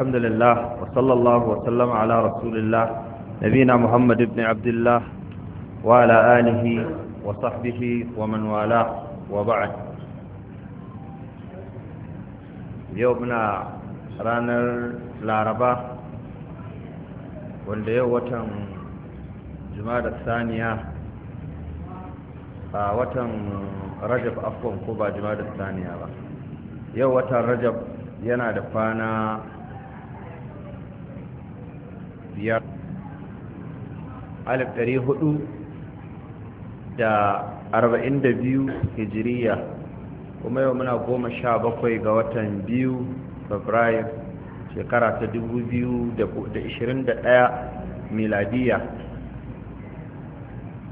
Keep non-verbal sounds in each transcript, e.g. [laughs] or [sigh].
الحمد لله وصلى الله وسلم على رسول الله نبينا محمد بن عبد الله وعلى آله وصحبه ومن والاه وبعد يومنا ranar laraba wanda yau watan watan rajab afon ko ba da saniya ba yau watan rajab yana da kwana biyu hijiriya kuma yau muna goma sha bakwai ga watan biyu fabrair shekara ta ɗaya miladiya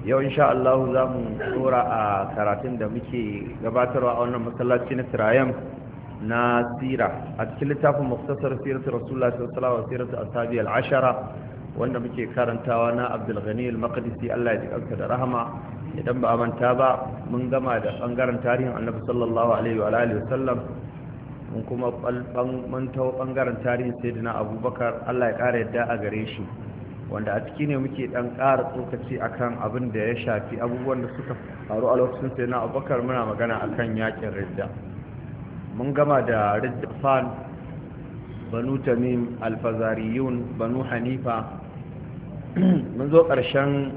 yau insha Allah za mu tsora a karatun da muke gabatarwa a wannan masallaci na tirayen na sira a cikin littafin muktasar siratu rasulullah sallallahu alaihi wasallam siratu ashabi al-ashara wanda muke karantawa na abdulghani al-maqdisi Allah ya jikarka da rahama idan ba manta ba mun gama da bangaren tarihin annabi sallallahu alaihi wa alihi wasallam mun kuma mun tawo bangaren tarihin sayyidina abubakar Allah ya kara yadda a gare shi wanda a ciki ne muke dan ƙara tsokaci akan abin da ya shafi abubuwan da suka faru a lokacin sayyidina abubakar muna magana akan yakin ridda mun gama da ridda fan banu tamim alfazariyun banu hanifa [clears throat] mun zo ƙarshen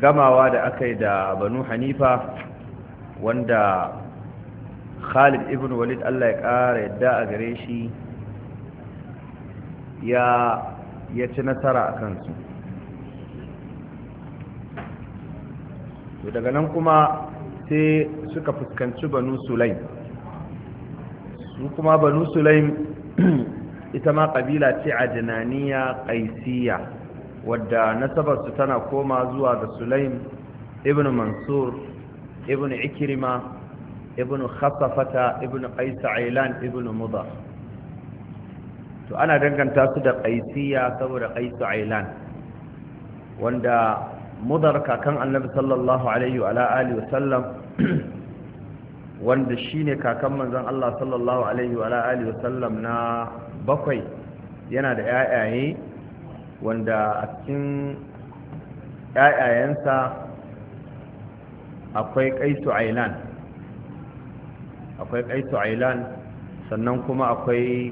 gamawa da aka yi da banu hanifa wanda khalid ibn walid allah ya ƙara yadda a gare shi ya ci nasara a kansu daga nan kuma sai suka fuskanci banu sulaim su kuma banu sulaim [clears throat] ita ma ƙabila ce a jinaniya ƙaisiya wadda nasabarsu tana koma zuwa da sulaim ibn mansur ibn ikirima ibn khasafata ibn ƙaisa ailan ibn mudar to ana danganta su da ƙaisiya saboda ƙaisa ailan wanda mudar kakan annabi sallallahu alaihi wa alihi wasallam wanda shine kakan manzan Allah sallallahu alaihi wa alihi wasallam na bakwai yana da yayaye wanda a cikin yayayensa akwai kaisu ailan akwai kaisu ailan sannan kuma akwai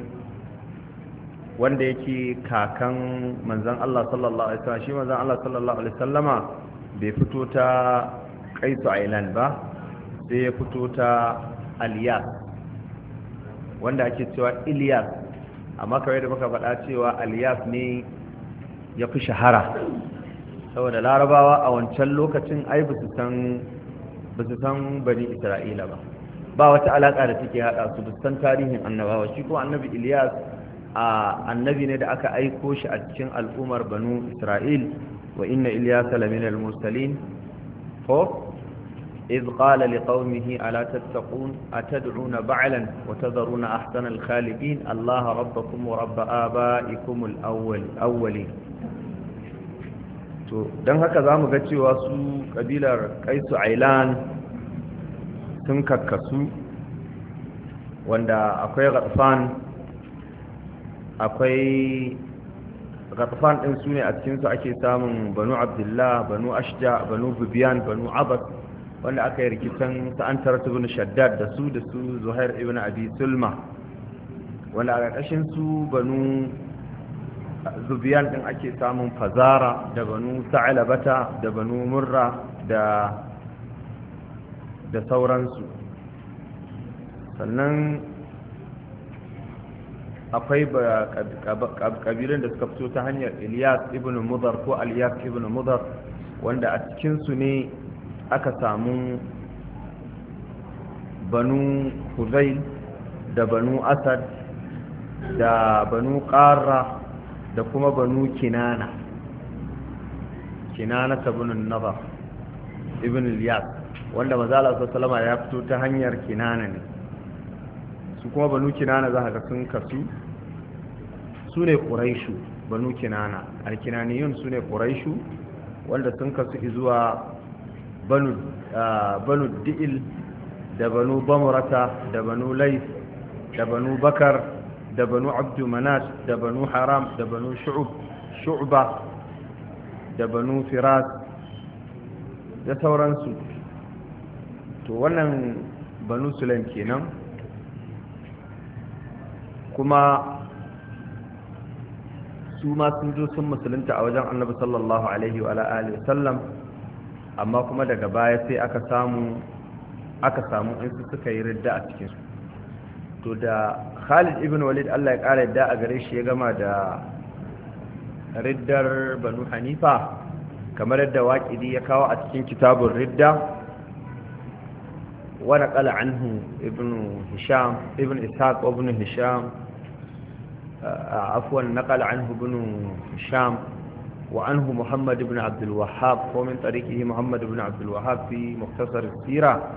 wanda yake kakan manzan Allah sallallahu alaihi wasallam shi manzan Allah sallallahu alaihi wasallama bai fito ta kaisu ailan ba sai ya fito ta aliyar wanda ake cewa iliyar amma kawai da muka faɗa cewa aliyaf ne ya fi shahara saboda larabawa a wancan lokacin ai ba su san bani isra'ila ba ba wata alaƙa da take haɗa su ba san tarihin annabawa shi ko annabi iliyas a annabi ne da aka aiko shi a cikin al'ummar banu isra'il wa inna iliyas lamina al-mursalin ko إذ قال لقومه ألا تتقون أتدعون بعلا وتذرون أحسن الخالقين الله ربكم ورب آبائكم الأول أولين don haka za mu ga cewa su ƙabilar kaisu ailan sun kakkasu wanda akwai ratsan akwai ratsan ɗin su ne a cikinsu ake samun banu abdullah banu ashja banu bubiyan banu abbas wanda aka yi rikitan sa'antar bin shaddad da su da su zuhair ibn abi sulma wanda a ƙarƙashin su banu zubiyan ɗin ake samun fazara da banu sa'alabata da banu murra da da sauransu sannan akwai ƙabilun da suka fito ta hanyar iliyas ibn mudar ko aliyas ibn mudar wanda a cikinsu ne aka samu banu huzail da banu asad da banu ƙara da kuma banu kinana kinana sabunin naba ibn Ilyas wanda mazala su salama ya fito ta hanyar kinana ne su kuma banu kinana za ka sun kasu su ne ƙuraishu banu kinana alkinaniyun su ne ƙuraishu wanda sun kasu zuwa banu di'il da banu bamurata da banu lais da banu bakar da banu abdu manat da banu haram da banu da banu firas da sauransu to wannan banu sulaim kenan kuma su ma sun zo sun musulunta a wajen annabi sallallahu alaihi wa wasallam amma kuma daga baya sai aka samu aka samu in su suka yi ridda a cikin su to da Khalid ibn Walid Allah ya kara yadda a gare shi ya gama da riddar Banu Hanifa kamar yadda waqidi ya kawo a cikin kitabun ridda naqala anhu ibn Hisham ibn Ishaq ibn Hisham afwan naqala anhu ibn Hisham وعنه محمد بن عبد الوهاب ومن طريقه محمد بن عبد الوهاب في مختصر السيرة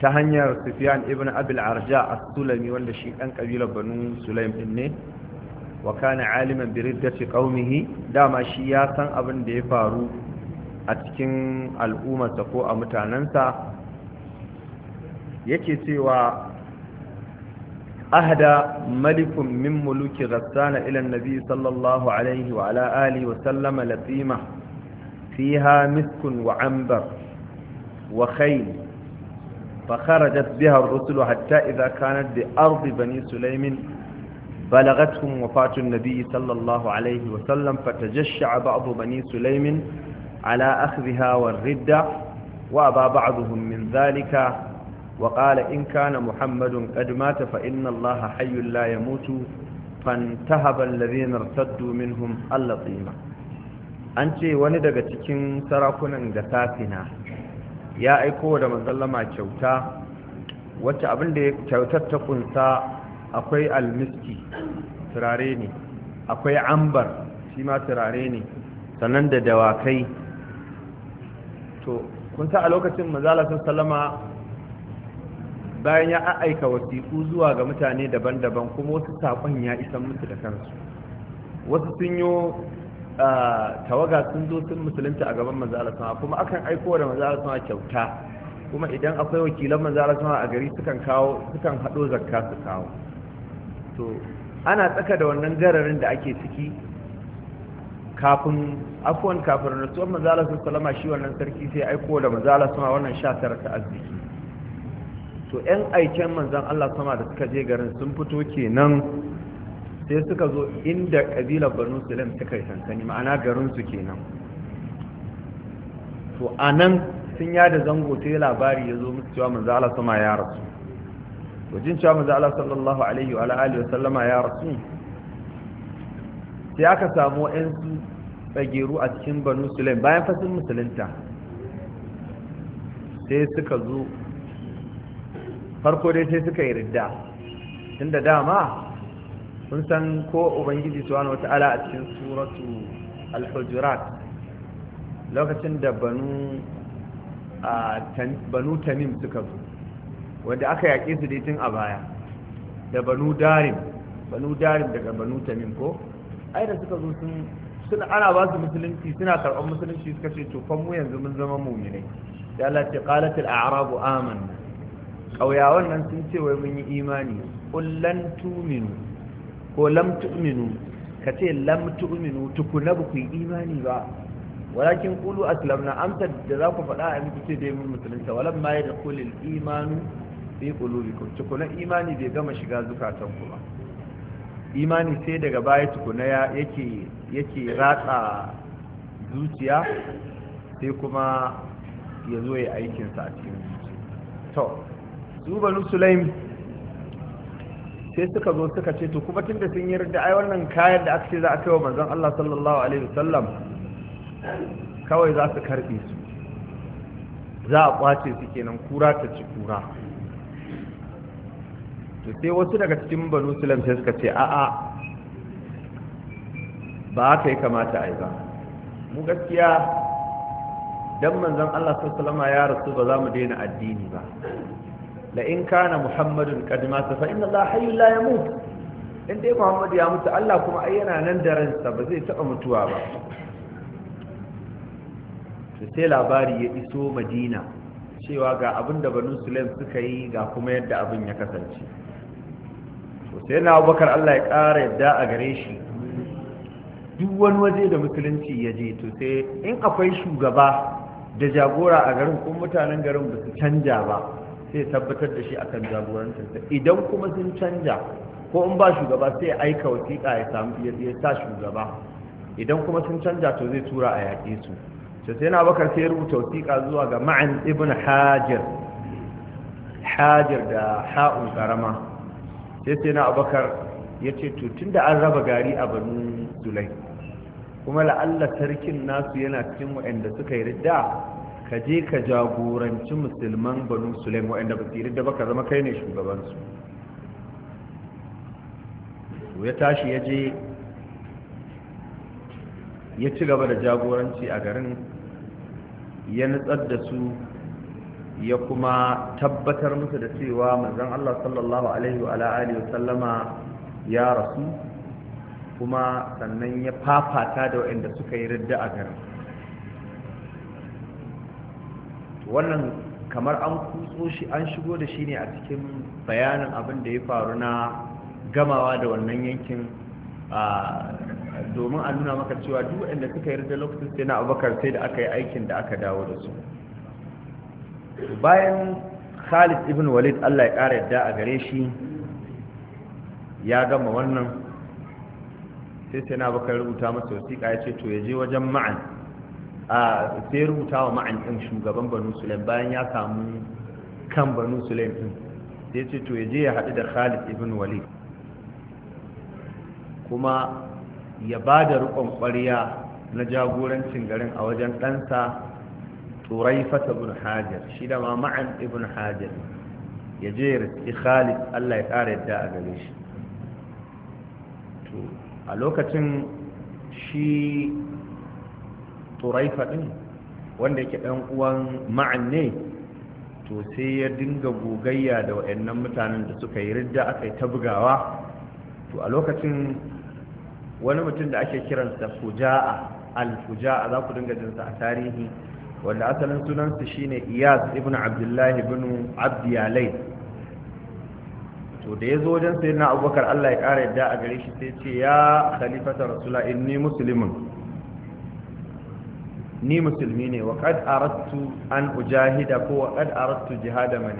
تهنير سفيان ابن أبي العرجاء السلمي والنشيء أن قبيل بنو سليم إنه وكان عالما بردة قومه داما شياسا ابن ديفارو أتكن الأمة تقوى متعننسا yake cewa ahada malikun min muluki ghassana ila nabi sallallahu alaihi wa ala alihi wa sallama latima fiha miskun wa ambar wa khayl فخرجت بها الرسل حتى إذا كانت بأرض بني سليم بلغتهم وفاة النبي صلى الله عليه وسلم فتجشع بعض بني سليم على أخذها والردة وأبى بعضهم من ذلك وقال إن كان محمد قد مات فإن الله حي لا يموت فانتهب الذين ارتدوا منهم اللطيمة an ce wani daga cikin sarakunan gasafina ya aiko da mazallama kyauta wacce abin da ya kyautar ta kunsa akwai almiski turare ne akwai ambar shi ma turare ne sannan da dawakai to kunsa a lokacin mazalasun bayan ya aika wasiƙu zuwa ga mutane daban-daban kuma wasu saƙon ya isan musu da kansu wasu sun yi tawaga sun zo sun musulunta a gaban manzo kuma akan aiko da manzo kyauta kuma idan akwai wakilan manzo a gari sukan kawo sukan haɗo zakka su kawo to ana tsaka da wannan gararin da ake ciki kafin afwan kafin rasuwar manzo Allah shi wannan sarki sai aiko da manzo wannan sha wannan 19 ta arziki to 'yan aiken manzan Allah sama da suka je garin sun fito kenan sai suka zo inda ƙabilar banu sulam suka yi sansani ma'ana garinsu kenan to a nan sun yada zango ta yi labari ya zo musu cewa manzan Allah sama ya rasu to jin cewa manzan Allah sallallahu alaihi wa alihi wa sallama ya rasu sai aka samu su tsageru a cikin banu sulam bayan fasin musulunta sai suka zo farko dai sai suka yi ridda tunda dama sun san ko ubangiji wata ala a cikin suratu al lokacin da banu tamim suka zo wanda aka yaƙe su dai tun a baya da banu darim banu darim daga banu tamim ko Aida suka zo sun ana ba su musulunci suna karɓar musulunci suka ce tofan mu yanzu mun zama muminai da Allah ce qalatil a'rabu amanna ƙauyawan nan sun ce wai mun yi imani ƙullan tuminu ko lam ka ce lam tu'minu tukuna ba ku yi imani ba walakin qulu aslamna amsa da za ku faɗa a miki ce dai mun musulunta walam ma yadkhulul imanu bi qulubikum tukuna imani bai gama shiga zukatan ku ba imani sai daga baya tukuna yake yake ratsa zuciya sai kuma ya zo ya aikinsa a cikin zuciya to su banu sulaim sai suka zo suka ce to kuma tun da sun yi da ai wannan kayan da aka ce za a kai wa manzon Allah sallallahu alaihi wasallam kawai za su karbe su za a kwace su kenan kura ta ci kura to sai wasu daga cikin banu sulaim sai suka ce a'a ba haka yi kamata a yi ba mu gaskiya dan manzon Allah sallallahu alaihi wasallam ya rasu ba za mu daina addini ba la'in kana muhammadun kadimata fa inna Allah hayyun la yamut in dai muhammad ya mutu Allah kuma ai yana nan da ransa ba zai taba mutuwa ba to sai labari ya iso madina cewa ga abin da banu sulaim suka yi ga kuma yadda abin ya kasance to sai na abubakar Allah ya ƙara yadda a gare shi duk wani waje da musulunci ya je to sai in akwai shugaba da jagora a garin kuma mutanen garin ba su canja ba sai tabbatar da shi akan jagorancinsa idan kuma sun canja ko in ba shugaba sai ya aika wasiƙa ya samu ya sa shugaba idan kuma sun canja to zai tura a yaƙe su to sai na bakar sai rubuta wasiƙa zuwa ga ma'an ibn hajar hajar da ha'un karama sai sai na abakar ya ce to tun da an raba gari a banu zulai kuma la'alla sarkin nasu yana cikin waɗanda suka yi ridda ka je ka jagoranci musulman banu sulaim waɗanda ba su da ka zama kai ne shugabansu ya tashi ya je ya ci gaba da jagoranci a garin ya nutsar da su ya kuma tabbatar musu da cewa manzon Allah sallallahu alaihi wa sallama ya rasu kuma sannan ya fafata da waɗanda suka yi ridda a garin wannan kamar an kutso shi an shigo da shi ne a cikin bayanin abin da ya faru na gamawa da wannan yankin domin a nuna maka cewa duk waɗanda suka yarda lokacin sai na abubakar sai da aka yi aikin da aka dawo da su bayan khalid ibn walid allah ya ƙara yadda a gare shi ya gama wannan sai sai na abubakar rubuta masa wasiƙa ya ce to ya je wajen ma'an a sai rubuta wa ma'an ɗin shugaban banu sulaim bayan ya samu kan banu sulaim ɗin sai ce to ya je ya haɗu da khalid ibn walid kuma ya ba da riƙon ƙwariya na jagorancin garin a wajen ɗansa turai fata ibn hajar shi da ma'an ibn hajar ya je ya riski khalid allah ya ƙara yadda a gare shi a lokacin shi turaifa din wanda yake dan uwan ma'an ne to sai ya dinga gogayya da waɗannan mutanen da suka yi ridda aka ta bugawa to a lokacin wani mutum da ake kiransa fuja'a al-fuja'a za ku dinga jinsa a tarihi wanda asalin sunansa shine iyas ibn abdullahi ibn abdiyalai to da ya zo wajen sai na abubakar allah ya ƙara yadda a gare shi sai ce ya khalifatar rasula inni musulmin ni musulmi ne wa kad an ujahida ko wa kad arattu jihada man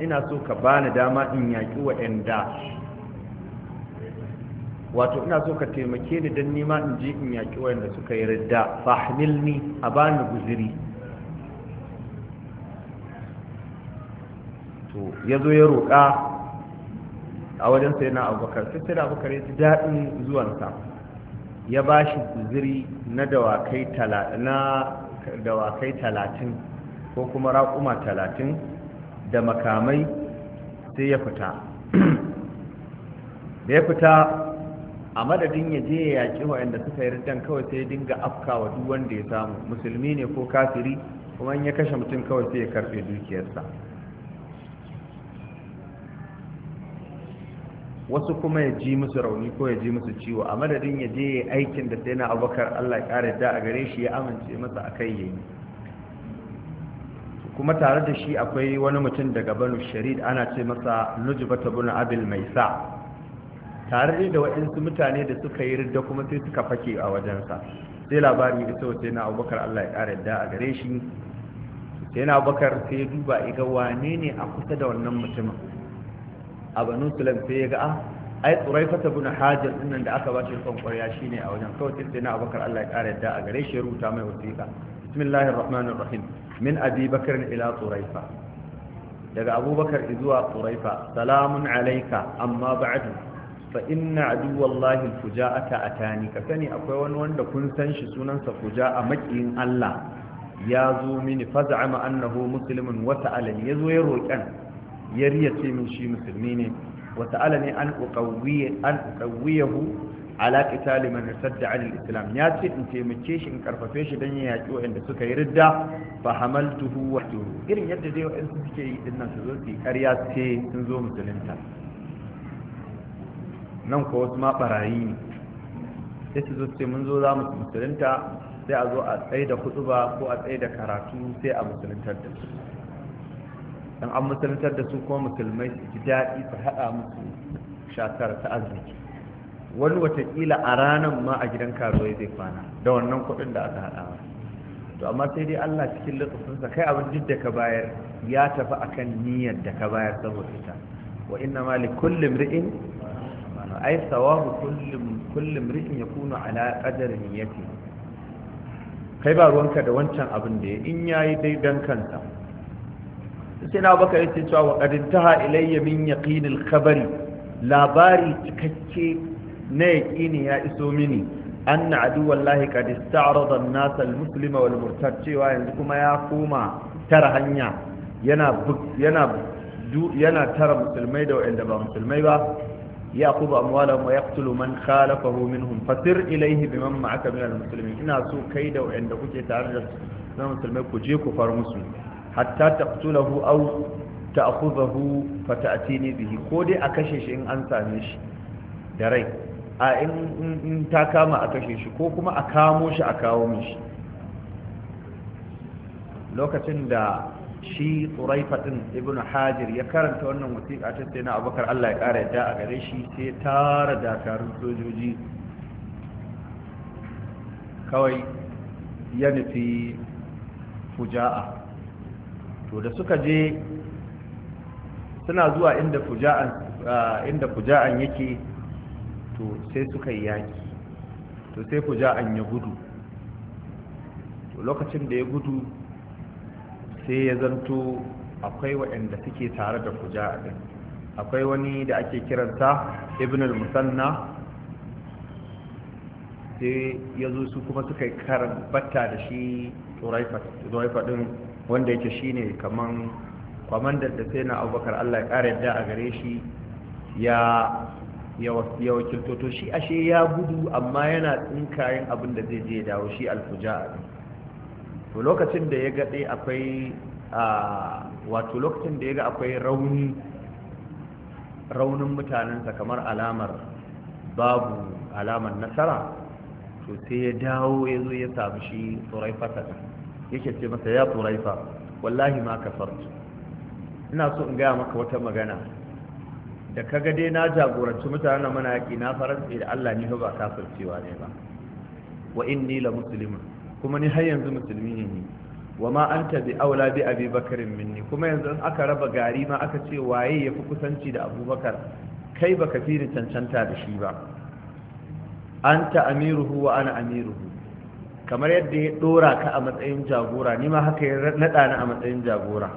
ina so ka bani dama in yaki wa'anda wato ina so ka taimake ni dan nima in je in yaki wa'anda suka yi ridda fahmilni a bani guziri to yazo ya roƙa a wajen na abubakar sai sai abubakar ya ji daɗin zuwansa ya ba shi guziri na dawakai talatin ko kuma raƙuma talatin da makamai sai ya fita [clears throat] da ya fita a madadin ya je ya yaƙi waɗanda suka yi riddan kawai sai ya dinga wa duk wanda ya samu musulmi ne ko kafiri kuma in ya kashe mutum kawai sai ya karɓe dukiyarsa wasu kuma ya ji musu rauni ko ya ji musu ciwo a madadin ya je ya aikin da sai na abokan allah ƙara da a gare shi ya amince masa a kai yayi kuma tare da shi akwai wani mutum daga banu sharid ana ce masa ta bunu abil maisa tare da waɗansu mutane da suka yi ridda kuma sai suka fake a wajensa sai labari da sau sai na abubakar allah ya ƙara da a gare shi sai na abubakar sai ya duba iga wane ne a kusa da wannan mutumin a banu sulam sai ya ga ah ai tsuraifata bin hajar dinnan da aka bashi rikon kwarya shine a wajen kawai sai na abubakar Allah ya kare yadda a gare shi rubuta mai wasiƙa bismillahir rahmanir rahim min abi bakr ila tsuraifa daga abubakar zuwa tsuraifa salamun alaika amma ba'du fa inna wallahi alfuja'ata atani ka sani akwai wani wanda kun san shi sunansa fuja'a makiyin Allah ya zo mini faz'ama annahu muslimun wa ta'ala ya zo ya roƙan ya ce min shi musulmi ne wata'ala ne an uqawiyahu ala qitali man sadda an islam ya ce in taimake shi in karfafe shi dan ya yaki wanda suka yi ridda fa hamaltuhu wa tuhu irin yadda dai wa'in su suke yi dinnan su zo su ƙarya ce sun zo musulunta nan ko wasu ma barayi ne sai su zo ce mun zo za mu musulunta sai a zo a tsaye da ba ko a tsaye da karatu sai a musuluntar da su dan an musuluntar da su kuma musulmai su ji daɗi su haɗa musu shakar ta arziki wani watakila a ranar ma a gidan karuwai zai kwana da wannan kuɗin da aka haɗa to amma sai dai Allah cikin sa kai abin duk da ka bayar ya tafi akan niyyar da ka bayar saboda ita wa inna ma li kulli mri'in ay sawabu kulli kulli mri'in yakunu ala qadri niyyati kai ba ruwanka da wancan abin da in yayi dai dan kansa sai na baka yace cewa wa qad ilayya min yaqinil khabari labari cikakke na yaqini ya iso mini anna adu wallahi qad ista'rada an-nas al-muslima wal murtad cewa yanzu kuma ya koma tara hanya yana yana yana tara musulmai da wa'anda ba musulmai ba يأخذ أموالهم ويقتل من خالفه منهم فسر ina بمن معك من المسلمين kuke سو da وعندك تارجت من المسلمين كجيكو فار مسلم hatta taqtulahu aw ta'khudhahu fata'tini bihi ko dai a kashe shi in an same shi da rai a in ta kama a kashe shi ko kuma a kamo shi a kawo mishi lokacin da shi tsuraifa din ibnu hajir ya karanta wannan wasiƙa ta sai na abubakar Allah ya ƙara yadda a gare shi sai tara dakarun sojoji kawai ya nufi fuja'a to da suka je suna zuwa inda fuja'an inda fuja'an yake to sai suka yi yaki to sai fuja'an ya gudu to lokacin da ya gudu sai ya zanto akwai waɗanda suke tare da fuja'an akwai wani da ake kiranta ibn al-musanna sai ya zo su kuma suka karbata da shi tsoraifa din wanda yake shine kaman kwamandan da sai na abubakar allah ya ƙara yadda a gare shi ya ya wakilto to shi ashe ya gudu amma yana tsinkayin abin da zai je dawo shi alfuja to lokacin da ya gaɗe akwai wato lokacin da ya ga akwai rauni raunin mutanensa kamar alamar babu alamar nasara to sai ya dawo ya zo ya samu shi tsorai fasada yake ce masa ya turaifa wallahi ma kafartu ina so in gaya maka wata magana da kaga dai na jagoranci mutanen mana yaƙi na faransa da Allah ni ba kafircewa ne ba wa inni la musulmin. kuma ni har yanzu musulmi ne ni wa ma anta bi aula bi abi bakarin minni kuma yanzu aka raba gari ma aka ce waye ya fi kusanci da abubakar kai baka fi ni cancanta da shi ba anta amiruhu wa ana amiruhu kamar yadda ya dora ka a matsayin jagora ni ma haka ya naɗa ni a matsayin jagora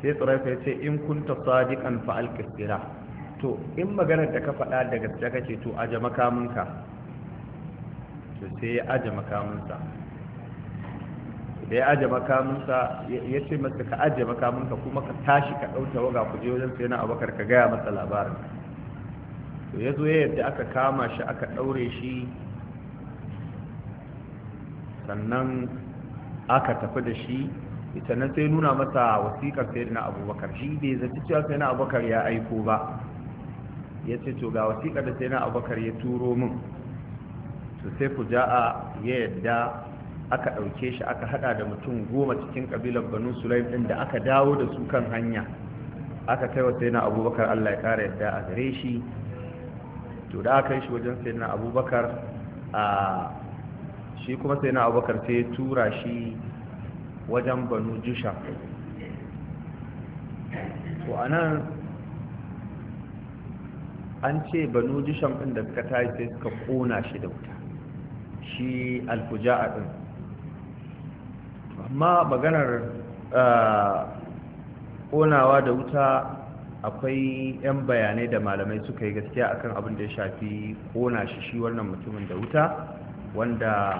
sai tsoraifa ya ce in kunta sadiqan fa alqistira to in maganar da ka faɗa da gaskiya kake to aje makaminka to sai ya aje makaminsa da ya aje makaminsa ya ce masa ka aje makaminka kuma ka tashi ka ɗauta waga ku je wajen sai na abakar ka gaya masa labarin to ya zo ya yadda aka kama shi aka ɗaure shi sannan aka tafi da shi sannan sai nuna masa wasikar sai na abubakar shi bai zaci cewa sai na abubakar ya aiko ba ya ce to ga wasikar da sai na abubakar ya turo min to sai ku a ya yadda aka ɗauke shi aka haɗa da mutum goma cikin ƙabilar banu sulaim ɗin da aka dawo da su kan hanya aka kai wa sai na abubakar allah ya ƙara yadda a gare shi to da aka yi shi wajen sai na abubakar a shi kuma sai na abubakar sai tura shi wajen banu jusha to a nan an ce banu jushan ɗin da suka tayi sai suka ƙona shi da wuta shi a ɗin amma maganar ah, ƙonawa da wuta akwai 'yan bayanai da malamai suka yi gaskiya akan abin da ya shafi ƙona shi shi wannan mutumin da wuta wanda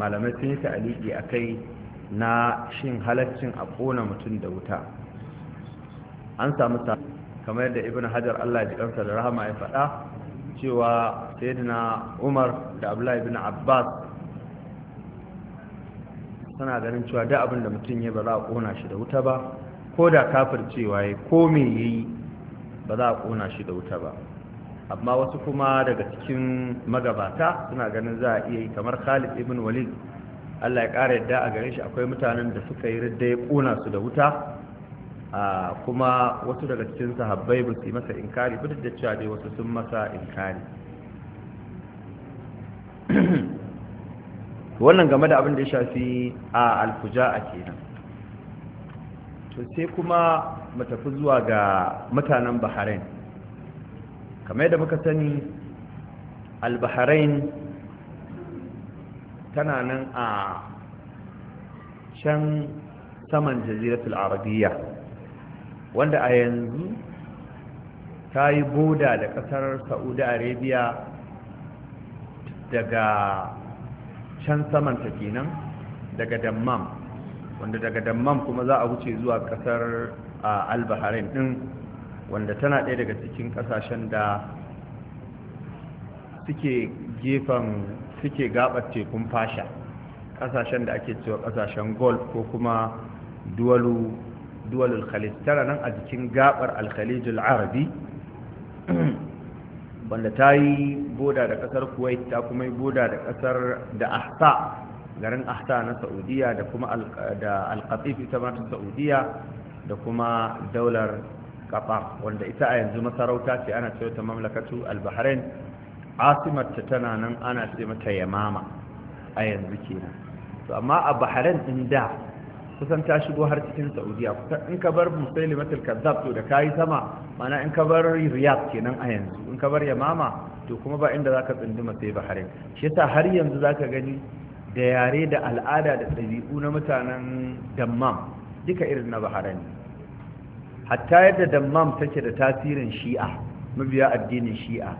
malamai sun yi ta'aliki a kai na shin halaccin a ƙona mutum da wuta an samu ta kamar yadda ibn hajar allah ji kansa da rahama ya faɗa cewa sayyidina umar da abdullahi ibn abbas suna ganin cewa da abin da mutum ya ba za a ƙona shi da wuta ba ko da kafir cewa ya ko me yayi ba za a ƙona shi da wuta ba amma wasu kuma daga cikin magabata suna ganin za a iya yi kamar khalid ibn walid allah ya ƙara yadda a gare shi akwai mutanen da suka yi ridda ya ƙona su da wuta kuma wasu daga cikin sahabbai ba su yi masa inkari ba da cewa dai wasu sun masa inkari wannan game da abin da ya shafi a alfuja a kenan to sai kuma mu tafi zuwa ga mutanen bahrain kamar da muka sani albaharain tana nan a can saman jaziratul arabiya wanda a yanzu ta yi boda da kasar saudi arabia daga can saman ta kenan daga dammam wanda daga dammam kuma za a wuce zuwa kasar albaharain din wanda tana ɗaya daga cikin ƙasashen da suke gefen suke gabar tekun fasha ƙasashen da ake cewa ƙasashen golf ko kuma al khalid tana nan a jikin gabar alkhalijul arabi [clears throat] wanda ta yi boda da ƙasar kuwait ta kuma yi boda da ƙasar da ahsa garin ahsa na saudiya da kuma da alkatif ita ma ta saudiya da kuma daular qatar wanda ita a yanzu masarauta ce ana ce ta mamlakatu al-bahrain asimarta tana nan ana ce mata yamama a yanzu kenan to amma a bahrain din da kusan ta shigo har cikin saudiya kusan in ka bar musailimatul kazzab to da kayi sama mana in ka bar riyadh kenan a yanzu in ka bar yamama to kuma ba inda zaka tsinduma sai bahrain shi yasa har yanzu zaka gani da yare da al'ada da ɗabi'u na mutanen dammam duka irin na bahrain hatta yadda dammam take da tasirin shi'a mabiya addinin shi'a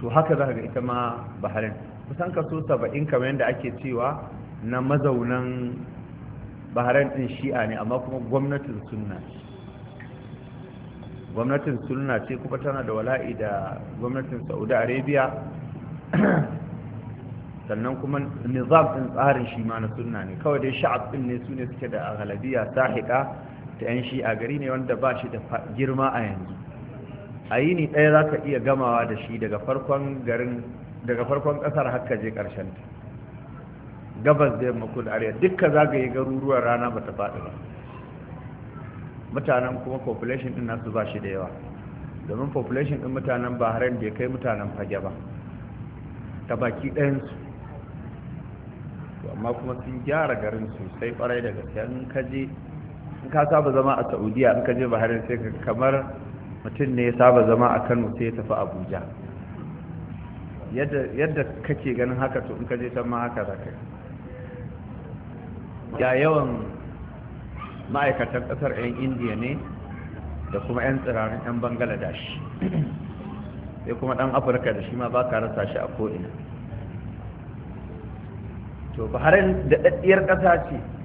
to haka za ga ita ma baharin kusan kaso saba'in kamar yadda ake cewa na mazaunan baharin din shi'a ne amma kuma gwamnatin sunna gwamnatin sunna ce kuma tana da wala'i da gwamnatin saudi arabia [clears throat] sannan kuma nizam din tsarin shi ma na sunna ne kawai dai sha'ab din ne su ne suke da galabiya sahiqa ta 'yan shi'a gari ne wanda ba shi da girma a yanzu a yi ni ɗaya za ka iya gamawa da shi daga farkon ƙasar haka je ƙarshen gabas da yamma kudu arewa dukka zagaye garuruwan rana ba ta faɗi ba mutanen kuma population ɗin nasu ba shi da yawa domin population ɗin mutanen bahrain ya kai mutanen fage ba ta baki ɗayansu amma kuma sun gyara garin sosai ɓarai daga gaske in ka saba zama a saudiya in ka je bahrain sai kamar mutum ne ya saba zama a kano sai ya tafi abuja yadda kake ganin haka to in ka je can ma haka za ka ya yawan ma'aikatan kasar 'yan indiya ne da kuma 'yan tsirarin 'yan bangladesh sai kuma dan afirka da shi ma ba ka rasa shi a ko'ina to baharin da ƙasa ce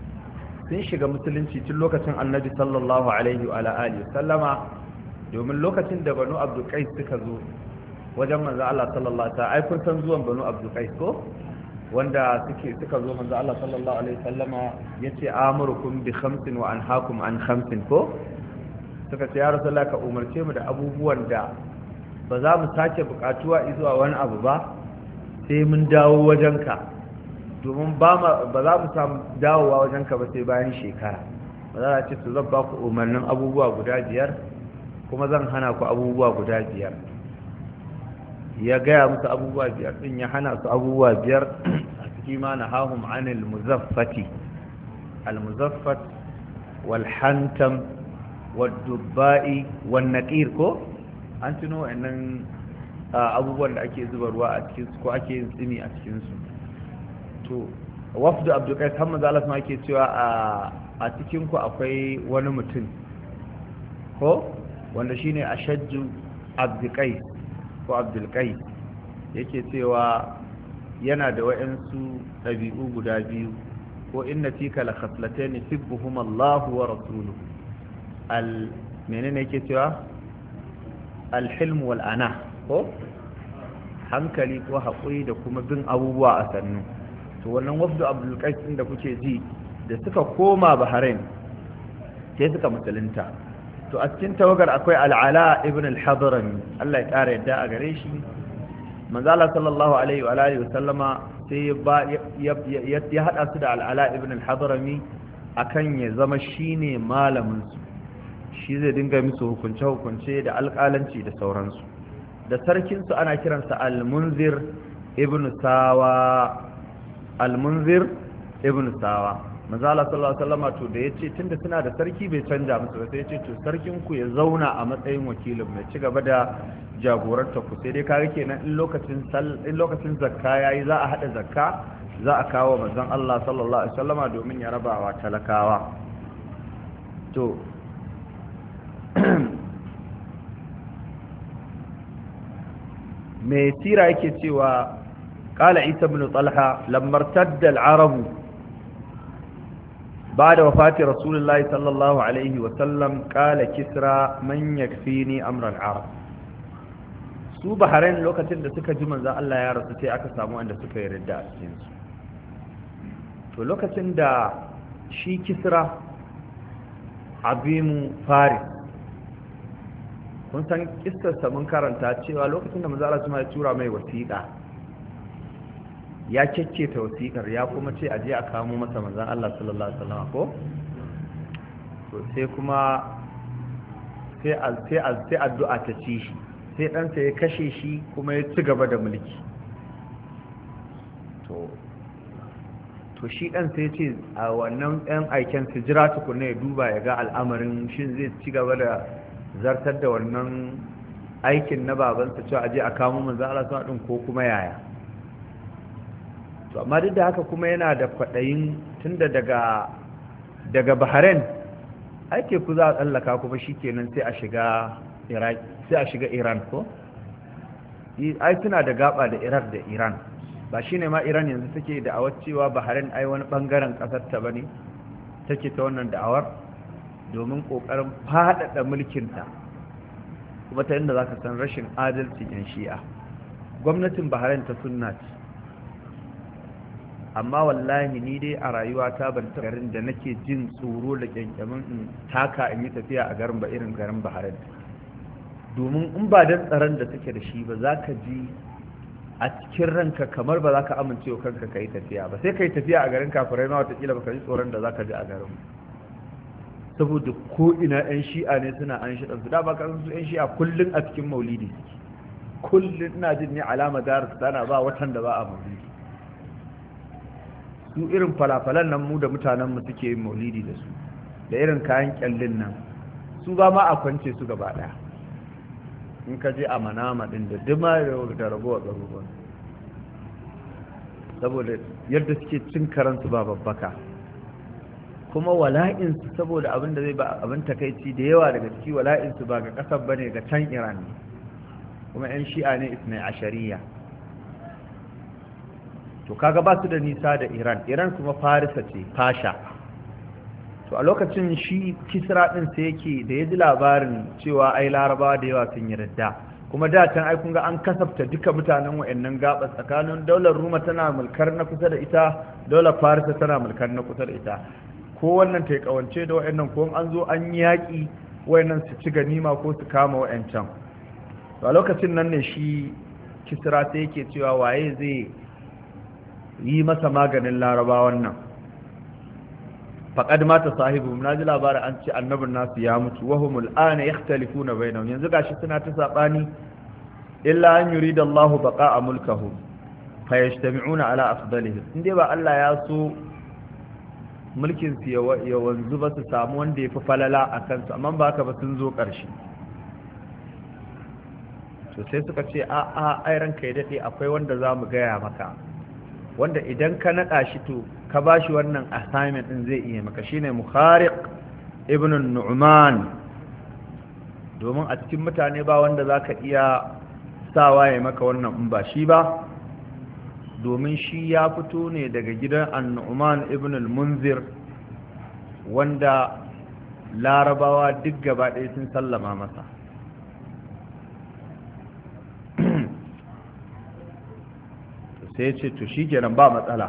sun shiga musulunci tun lokacin annabi sallallahu alaihi wa alihi sallama domin lokacin da banu abdulkais suka zo wajen manzo Allah sallallahu alaihi ai kun san zuwan banu abdulkais ko wanda suke suka zo manzo Allah sallallahu alaihi sallama yace amurukum bi khamsin wa anhaakum an khamsin ko suka ce ya rasulullah ka umarce mu da abubuwan da ba za mu sake bukatuwa zuwa wani abu ba sai mun dawo wajenka domin ba za mu samu dawowa wajen ka ba sai bayan shekara ba za a ce su zan ba ku umarnin abubuwa guda biyar kuma zan hana ku abubuwa guda biyar ya gaya musu abubuwa biyar din ya hana su abubuwa biyar a ciki kima na hahun anil muzaffati al-muzaffat walhantam wadubba'i wannaƙir ko an tuno wa'annan abubuwan da ake zubarwa a cikinsu ko ake yin tsini a cikinsu to wafdu abdulkai hamad maza ma ke cewa a cikinku akwai wani mutum ko wanda shine ashajju abdulkai ko abdulkais yake cewa yana da wayansu ɗabi'u guda biyu ko inna fika la khaslatayn sibbuhuma Allahu wa rasuluhu al menene yake cewa al hilm wal ko hankali ko haƙuri da kuma bin abubuwa a sannu to wannan wafdu abdulkais din da kuke ji da suka koma bahrain sai suka musulunta to a cikin tawagar akwai al'ala ibn al-hadrami Allah ya kare yadda a gare shi manzo Allah sallallahu alaihi wa alihi wa sallama sai ya ya hada su da al'ala ibn al-hadrami akan ya zama shine malamin su shi zai dinga musu hukunce hukunce da alƙalanci da sauransu da sarkin su ana kiransa al-munzir ibn sawa almunzir ibn sawa manzala sallallahu alaihi wasallam to da yace tunda suna da sarki bai canja musu sai yace to sarkin ku ya zauna a matsayin wakilin mai ci gaba da jagoranta ku sai dai kage kenan in lokacin sal in lokacin zakka yayi za a hada zakka za a kawo manzon Allah sallallahu alaihi wasallama domin ya rabawa talakawa to [clears throat] mai tira yake cewa قال عيسى بن طلحة لما ارتد العرب بعد وفاة رسول الله صلى الله عليه وسلم قال كسرى من يكفيني أمر العرب su bahrain lokacin da suka ji manzo Allah ya rasu sai aka samu wanda suka yi ridda a to lokacin da shi kisra abimu Fari kun san kissarsa mun karanta cewa lokacin da manzo Allah ya tura mai wasiƙa ya kyakke ta wasiƙar ya kuma ce aje a kamo masa manzan Allah sallallahu alaihi wasallam ko to sai kuma sai sai addu'a ta ci shi sai ɗansa ya kashe shi kuma ya ci gaba da mulki to to shi ɗansa sai ce a wannan ɗan aiken su jira tukuna ya duba ya ga al'amarin shin zai ci gaba da zartar da wannan aikin na babansa cewa aje a kamo manzan Allah sallallahu alaihi ko kuma yaya to amma duk da haka kuma yana da kwaɗayin tunda daga daga bahrain ake ku za a tsallaka kuma shikenan kenan a shiga sai a shiga iran ko ai suna da gaba da iraq da iran ba shine ma iran yanzu take da cewa bahrain ai wani bangaren kasar ta ne take ta wannan da'awar domin kokarin faɗaɗa mulkinta kuma ta inda za ka san rashin adalci yan shi'a gwamnatin bahrain ta sunna ce amma wallahi ni dai a rayuwa ta ban garin da nake jin tsoro da kyankyamin in taka in yi tafiya a garin ba irin garin baharin domin in ba dan tsaron da take da shi ba za ka ji a cikin ranka kamar ba za ka amince wa kanka ka yi tafiya ba sai ka yi tafiya a garin kafirai ma watakila ba ka ji tsoron da za ka ji a garin saboda ko ina yan shi'a ne suna an shi ɗansu da ba kan su yan shi'a kullum a cikin maulidi kullum ina jin ni alama da tana ba watan da ba a maulidi Su irin falafalan nan mu da mutanen mu suke maulidi da su da irin kayan kyallin nan su ba ma a kwance su gaba daya in ka je a manama din da dima da ragowa garuruwan saboda yadda suke cin karansu ba babbaka kuma wala'insu saboda abin da zai ba abin takaici da yawa daga ciki wala'insu ba ga kasar bane ga can iran kuma 'yan shi'a ne ismai ashariya to kaga ba su da nisa da iran iran kuma farisa ce fasha to a lokacin shi kisra din sai yake da ya ji labarin cewa ai larabawa da yawa sun yi radda kuma da can ai kun an kasafta duka mutanen wa'annan gaba tsakanin daular ruma tana mulkar na kusa da ita daular farisa tana mulkar na kusa da ita ko wannan ta kawance da waannan ko an zo an yi yaƙi wayannan su ci ganima ko su kama wayancan to a lokacin nan ne shi kisra sai yake cewa waye zai yi masa maganin laraba nan faƙad mata sahibu na ji labarin an ce annabin nasu ya mutu wahumul ana yakhtalifu na bainahum yanzu gashi suna ta sabani illa an yurida Allahu baqa mulkahu fa yajtami'una ala afdalihi inde ba Allah ya so mulkin su ya wanzu ba su samu wanda ya fi falala a kansu amma ba haka ba sun zo ƙarshe to sai suka ce a a ai ranka ya dade akwai wanda za mu gaya maka wanda idan ka naɗa shi to ka ba shi wannan assignment ɗin zai iya maka shine mukhariq ibn nu'man domin a cikin mutane ba wanda za ka iya sawa ya maka wannan in ba shi ba domin shi ya fito ne daga gidan annu'man ibn al-munzir wanda larabawa duk gaba ɗaya sun sallama masa sai ce to shi kenan ba matsala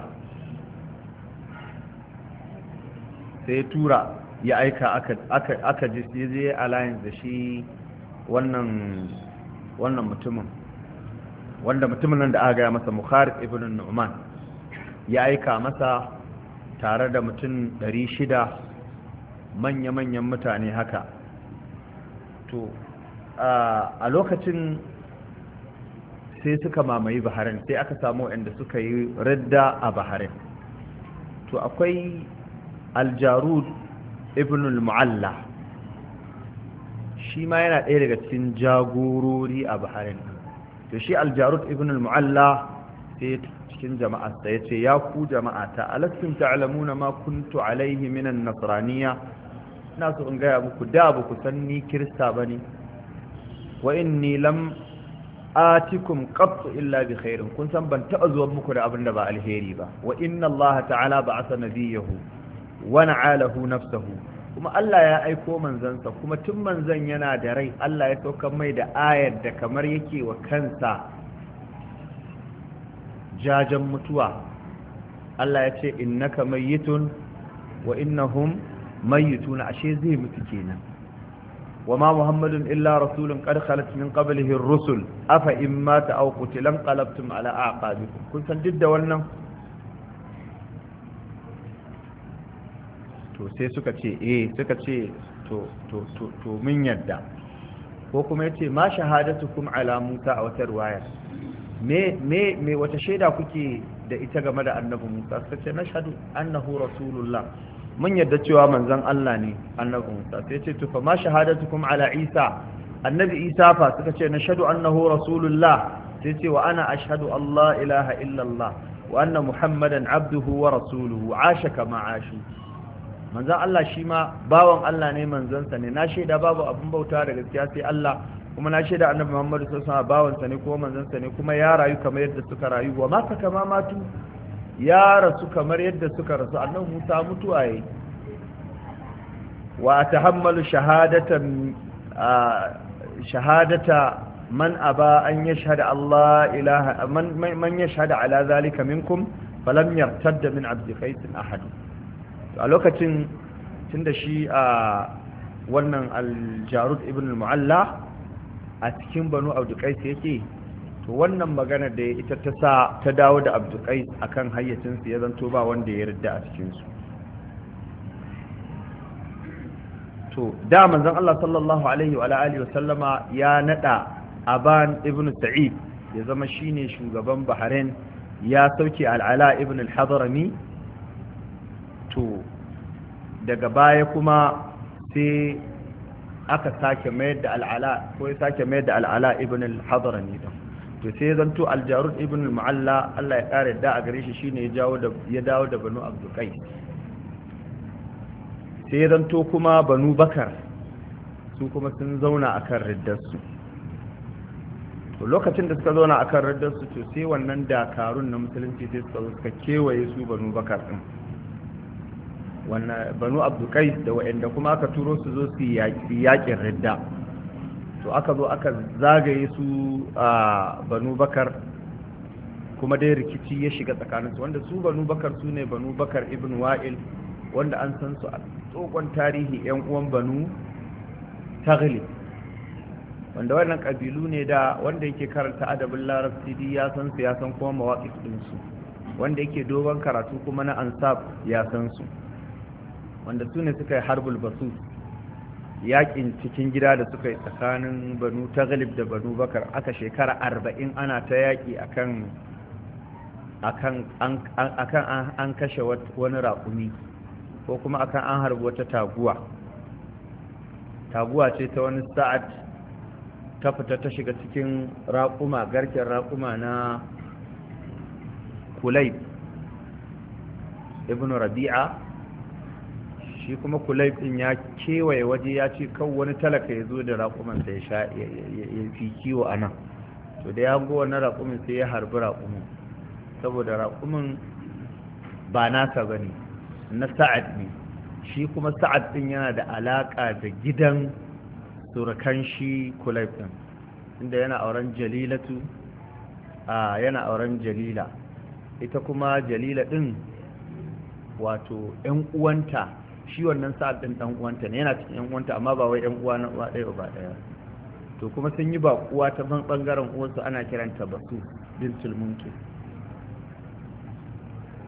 sai tura ya aika aka ji zai alliance da shi wannan wannan mutumin wanda mutumin nan da aka gaya masa mukharif ibn nu'man ya aika masa tare da mutum 600 manya-manyan mutane haka to a lokacin sai suka mamaye baharin sai aka samu inda suka yi radda a baharin to akwai aljarud ibn al-mu'alla shi ma yana ɗaya daga cikin jagorori a baharin to shi aljarud ibn al-mu'alla sai cikin jama'arsa ya ce ya ku jama'a ta alaskin ta'alamuna ma kuntu alaihi minan nasraniya na su in gaya muku da ba ku san ni kirista ba ne wa inni lam atikum qattu illa bi khairin kun san ban taba zuwa muku da abin da ba alheri ba wa inna allaha ta'ala ba'atha nabiyahu wa na'alahu nafsahu kuma Allah ya aiko manzansa kuma tun manzan yana da rai Allah ya saukar mai da ayar da kamar yake wa kansa jajen mutuwa Allah ya ce innaka mayyitun wa innahum mayyituna ashe zai mutu kenan وما محمد إلا رسول قد خلت من قبله الرسل أفإن مات أو قتل انقلبتم على أعقابكم كنت جد ولنا to sai suka ce eh suka ce to to to to min yadda ko kuma yace ma shahadatukum ala Musa a wata riwaya me me me wata shaida kuke da ita game da annabi Musa suka ce nashhadu annahu rasulullah mun yadda cewa manzan Allah ne annabi Musa sai ce to fa ma shahadatukum ala Isa annabi Isa fa suka ce nashhadu annahu rasulullah sai ce wa ana ashhadu Allah ilaha illa wa anna muhammadan abduhu wa rasuluhu asha kama ashi manzan Allah shi ma bawan Allah ne manzansa ne na shaida babu abun bauta da gaskiya sai Allah kuma na shaida annabi Muhammad sallallahu alaihi wasallam bawansa ne kuma manzansa ne kuma ya rayu kamar yadda suka rayu wa ma kama matu ya rasu kamar yadda suka rasu annan musa mutuwa yi wa ta hammalu shahadata man ba an ya shahada Allah ilaha man ya shahada ala zalika minkum falam yartadda min abdi qaisin a lokacin da shi a wannan aljarud ibn al-mu'alla a cikin banu abdi yake to wannan magana da ita ta sa ta dawo da abdukai akan hayyacinsu ya zanto ba wanda ya yarda a cikinsu to da manzon Allah sallallahu alaihi wa alihi wa sallama ya nada Aban ibnu Sa'id ya zama shine shugaban Bahrain ya sauke al'ala ala ibn Al-Hadrami to daga baya kuma sai aka sake mayar da al'ala ko ya sake mayar da al'ala ala ibn Al-Hadrami din to sai to aljarud ibn al-mu'alla Allah ya kare da a gare shi shine ya dawo da ya dawo da banu abdukai sai zan to kuma banu bakar su kuma sun zauna akan riddarsu to lokacin da suka zauna akan riddarsu to sai wannan dakarun na musulunci sai suka zo suka kewaye su banu bakar din wannan banu abdukai da wa'anda kuma aka turo su zo su yaƙin ridda to aka zo aka zagaye su a banu bakar kuma dai rikici ya shiga tsakaninsu wanda su banu bakar su ne banu bakar ibn wa'il wanda an san su a tsohon tarihi 'yan uwan banu tagli wanda wannan kabilu ne da wanda yake karanta adabin larabci di ya san su ya san kuma mawaƙi ɗinsu wanda yake dogon karatu kuma na ansab ya san su wanda su ne suka yi harbul basu yakin cikin gida da suka yi tsakanin banu taghlib da banu bakar aka shekara arba'in ana ta yaƙi akan akan an kashe wani raƙumi ko kuma akan an harbi wata taguwa taguwa ce ta wani sa'ad ta fita ta shiga cikin raƙuma garken raƙuma na kulai ibn rabi'a shi kuma kulai din ya kewaye waje ya ce kan wani talaka ya zo da raƙumansa ya ya fi kiwo a nan to da ya go wannan raƙumin sai ya harbi raƙumin saboda raƙumin ba nasa ba ne na sa'ad ne shi kuma sa'ad din yana da alaƙa da gidan surukan shi kulai din inda yana auren jalilatu a yana auren jalila ita kuma jalila din wato 'yan uwanta shi wannan sa'ad din dan uwanta ne yana cikin yan uwanta amma ba wai yan uwa na uwa ɗaya ba ɗaya to kuma sun yi baƙuwa ta ban bangaren uwarsu ana kiranta basu bintul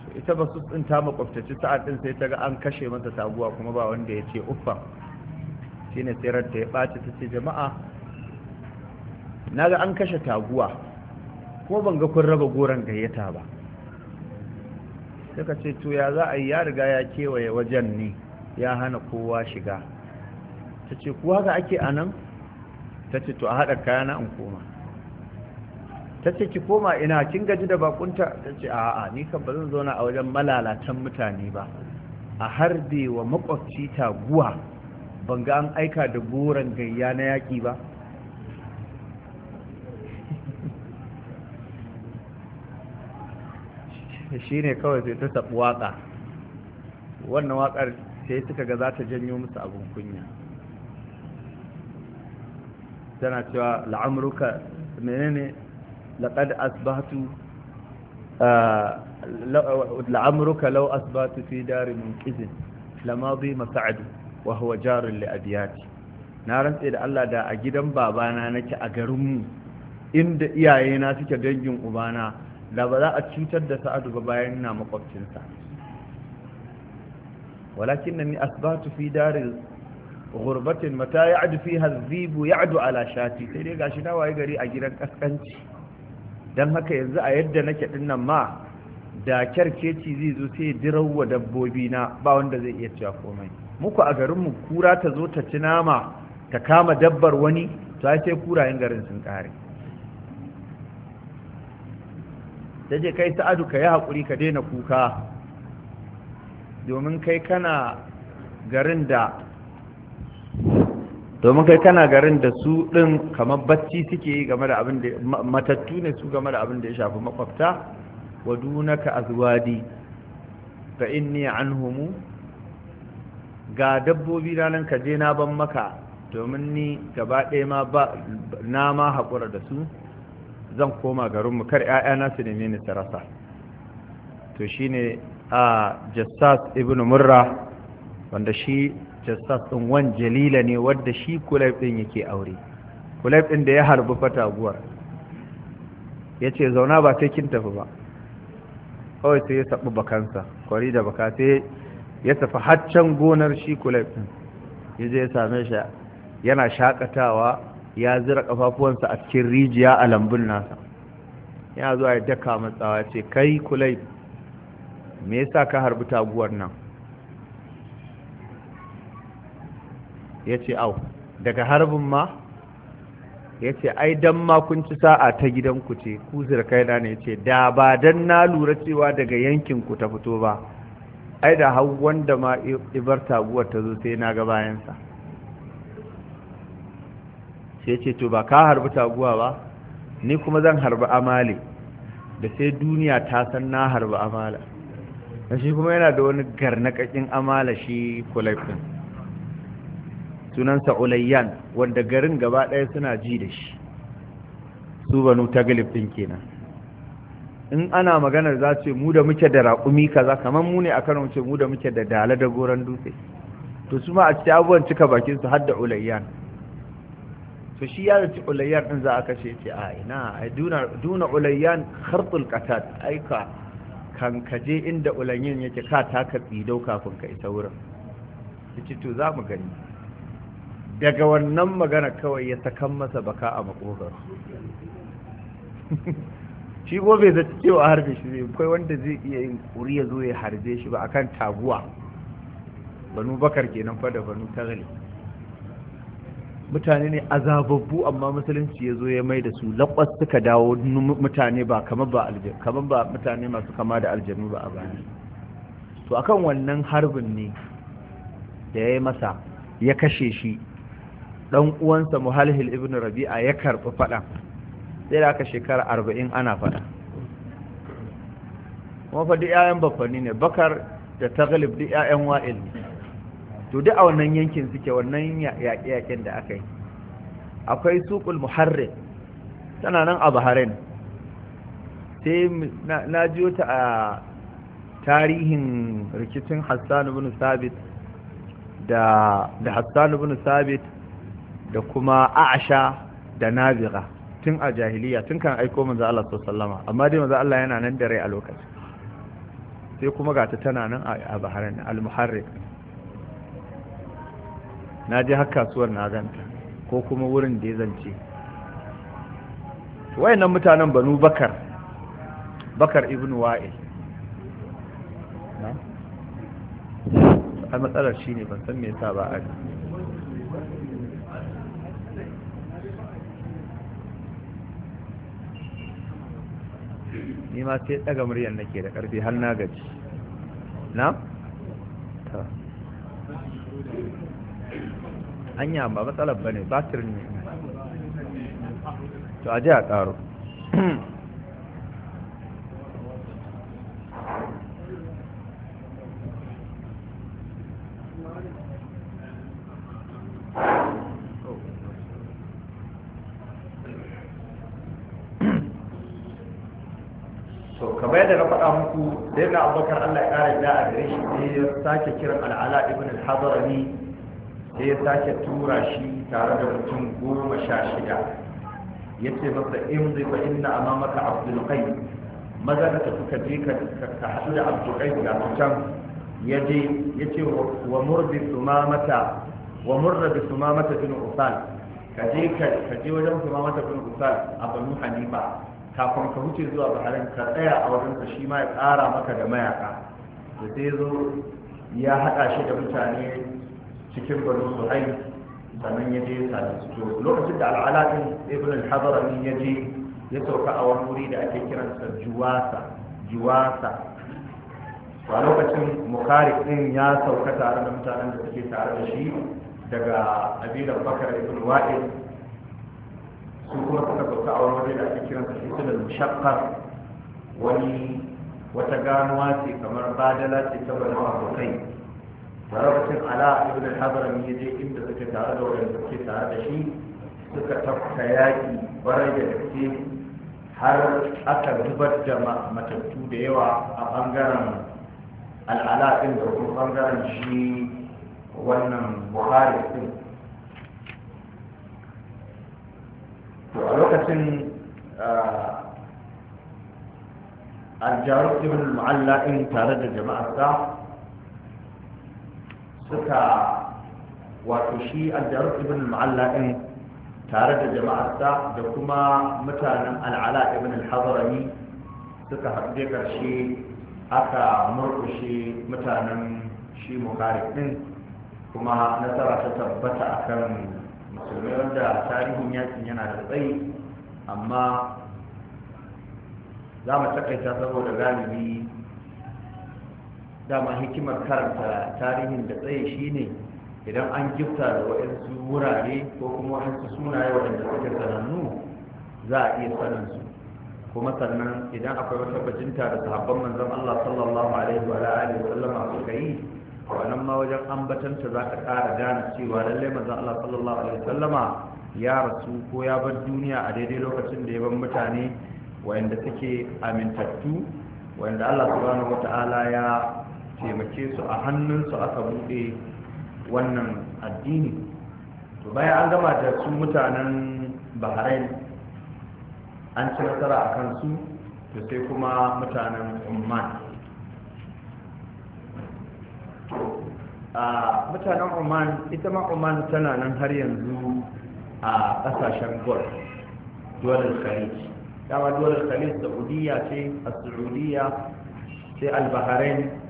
To ita su din ta makwabtaci sa'ad din sai ta ga an kashe masa taguwa kuma ba wanda ya ce uffa ne tsirar ta ya ɓaci ta ce jama'a na ga an kashe taguwa kuma ban ga kun raba goron gayyata ba suka ce to ya za a yi ya riga ya kewaye wajen ne ya hana kowa shiga ta ce kuwa ga ake a nan ta ce to a haɗa kayana in koma ta ce ki koma ina kin gaji da bakunta ta ce a'a ni kan ba zan zauna a wajen malalatan mutane ba a harbe wa makwabci taguwa ban ga an aika da goron gayya na yaƙi ba [laughs] shi ne kawai sai ta taɓi waƙa wannan waƙar sai suka ga za ta janyo musu abin kunya tana cewa la'amruka menene laƙad asbahtu la'amruka lau fi dari munqizin lamadi mas'ad wa huwa jarin li na rantse da Allah da a gidan babana nake a garinmu inda iyayena suke dangin ubana da ba za a cutar da sa'adu ba bayan na makwabcinsa ولكنني أثبات في دار غربة متى يعد فيها الذيب يعد على شاتي سيدي قاشنا ويقري أجيرا كسكنش دم هكا ينزع يدنا كأننا ما da kyarkeci zai zo sai dirau dabbobi na ba wanda zai iya cewa komai muku a garinmu kura ta zo ta ci nama ta kama dabbar wani to ai sai kurayen garin sun kare ta je kai sa'adu ka yi haƙuri ka daina kuka domin kai kana garin da domin kai kana garin da su ɗin kamar bacci suke yi game da abin da matattu ne su game da abin da ya shafi makwabta wa dunaka azwadi fa inni anhum ga dabbobi ranan ka je na ban maka domin ni gaba ɗaya ma ba na ma haƙura da su zan koma garinmu kar 'ya'yana su neme ni su rasa to shine a jassas ibn murra wanda shi jassas ɗin wan jalila ne wadda shi kulaif ɗin yake aure kulab ɗin da ya harbi guwar ya ce zauna ba sai kin tafi ba kawai sai ya saɓi bakansa kwari da baka sai ya tafi haccan gonar shi kulaif ɗin ya je ya same shi yana shakatawa ya zira kafafuwansa a cikin rijiya a lambun nasa yana zuwa ya daka matsawa ce kai kulaif me yasa ka harbi taguwar nan ya ce au daga harbin ma ya ce ai dan ma kun ci sa'a ta gidanku ce ku na ne ce da ba don na lura cewa daga yankinku ta fito ba ai da hau wanda ma ibar taguwar ta zo sai na ga bayansa sai ce to ba ka harbi taguwa ba ni kuma zan harbi amali da sai duniya ta san na harbi amala shi kuma yana da wani garnakakin amala shi kulaifin sunansa ulayyan wanda garin gaba ɗaya suna ji da shi su banu ta ɗin kenan in ana maganar za ce mu da muke da raƙumi kaza kamar mu ne a karon ce mu da muke da dala da goron dutse to su ma a cikin abubuwan cika bakin su har da ulayyan to shi ya zaci ulayyan ɗin za a kashe ce a ina duna ulayyan khartul ƙasa aika kan ka je inda ulanyin yake ka taka dau kafin ka isa wurin ce to za mu gani daga wannan magana kawai ya sakan masa baka a makogar [laughs] shi ko bai zata cewa harbe shi zai Akwai wanda zai iya yin kuri ya zo ya harbe shi ba akan taguwa banu bakar kenan fa da banu tagali mutane ne azababbu amma musulunci ya zo ya mai da su lakwas suka dawo mutane ba kamar ba kamar ba mutane masu kama da aljanu ba a baya to akan wannan harbin ne da ya yi masa ya kashe shi dan uwansa muhalhil ibn rabi'a ya karbi fada sai da aka shekara arba'in ana fada kuma faɗi 'ya'yan bafani ne bakar da taglib duk 'ya'yan wa'il ne to duk a wannan yankin suke wannan yaƙe-yaƙen da aka yi akwai suƙul muharre tana nan a bahrain sai na jiyo ta a tarihin rikicin hassan bin sabit da hassan bin sabit da kuma a'asha da nabira tun a jahiliya tun kan aiko manzo Allah sallama amma dai manzo Allah yana nan da rai a lokacin sai kuma gata tana nan a bahrain al-muharrik na je har kasuwar na ganta ko kuma wurin da ya zance wayannan mutanen banu bakar bakar ibn wa'il a matsalar shi ne ban san me yasa ba a ni ma sai daga muryar nake da karfi har na gaji na? hanya ba matsalar bane batir ne to aje a karo kamar yadda na faɗa muku abubakar allah ya kare da a gare shi ne ya sake kiran al'ala ibn al-hadarani sai ya sake tura shi tare da mutum goma sha shida ya ce masa zai fa inna a mamaka qais maza da ka suka je ka haɗu da abdul qais ga can ya je ya ce wa murbi sumamata wa murra bi sumamata bin usal ka je ka je wajen sumamata bin usal a banu hanifa kafin ka wuce zuwa baharin ka tsaya a wajen ka shi ma ya tsara maka da mayaka da sai zo ya haɗa shi da mutane cikin banu suhaib sannan ya je ya su lokacin da al'ala din ibn al-hadarami ya je ya sauka a wani wuri da ake kiransa juwasa juwasa a lokacin mukarik din ya sauka tare da mutanen da suke tare da shi daga abidan bakar ibn wa'il su kuma suka sauka a wani wuri da ake kiransa shi mushaqqaq wani wata ganuwa ce kamar badala ce ta banu abokai a lokacin ala ibn ya je inda suke tare da wadanda suke tare da shi suka tafka yaƙi barai da har aka zubar da matattu da yawa a ɓangaren al'ala da kuma ɓangaren shi wannan buhari ɗin to a lokacin ah, aljaru ibn al-mu'alla ɗin tare da jama'arsa suka wato shi aljarus ibn al-mu'alla din tare da jama'arsa da kuma mutanen al'ala ibn al-hadrami suka da karshe aka murƙushe mutanen shi mukarib din kuma nasara ta tabbata akan musulmai wanda tarihin yakin yana da tsayi amma za mu takaita saboda galibi dama hikimar karanta tarihin da tsaye shine idan an gifta da waɗansu wurare ko kuma suna sunaye waɗanda suke sanannu za a iya sanin su kuma sannan idan akwai wata bajinta da sahabban manzon Allah sallallahu alaihi wa alihi wa sallam suka yi wannan ma wajen ambatanta za ka ƙara gane cewa lallai manzon Allah sallallahu alaihi wa sallama ya rasu ko ya bar duniya a daidai lokacin da ya bar mutane wayanda suke amintattu wayanda Allah subhanahu ta'ala ya taimake su a hannunsu aka buɗe wannan addini to bayan an gama da su mutanen bahrain an ci nasara a kansu to sai kuma mutanen umman mutanen oman ita ma oman tana nan har yanzu a ƙasashen gol duwalar khalid dama duwalar khalid saudiya ce a saudiya sai al-bahrain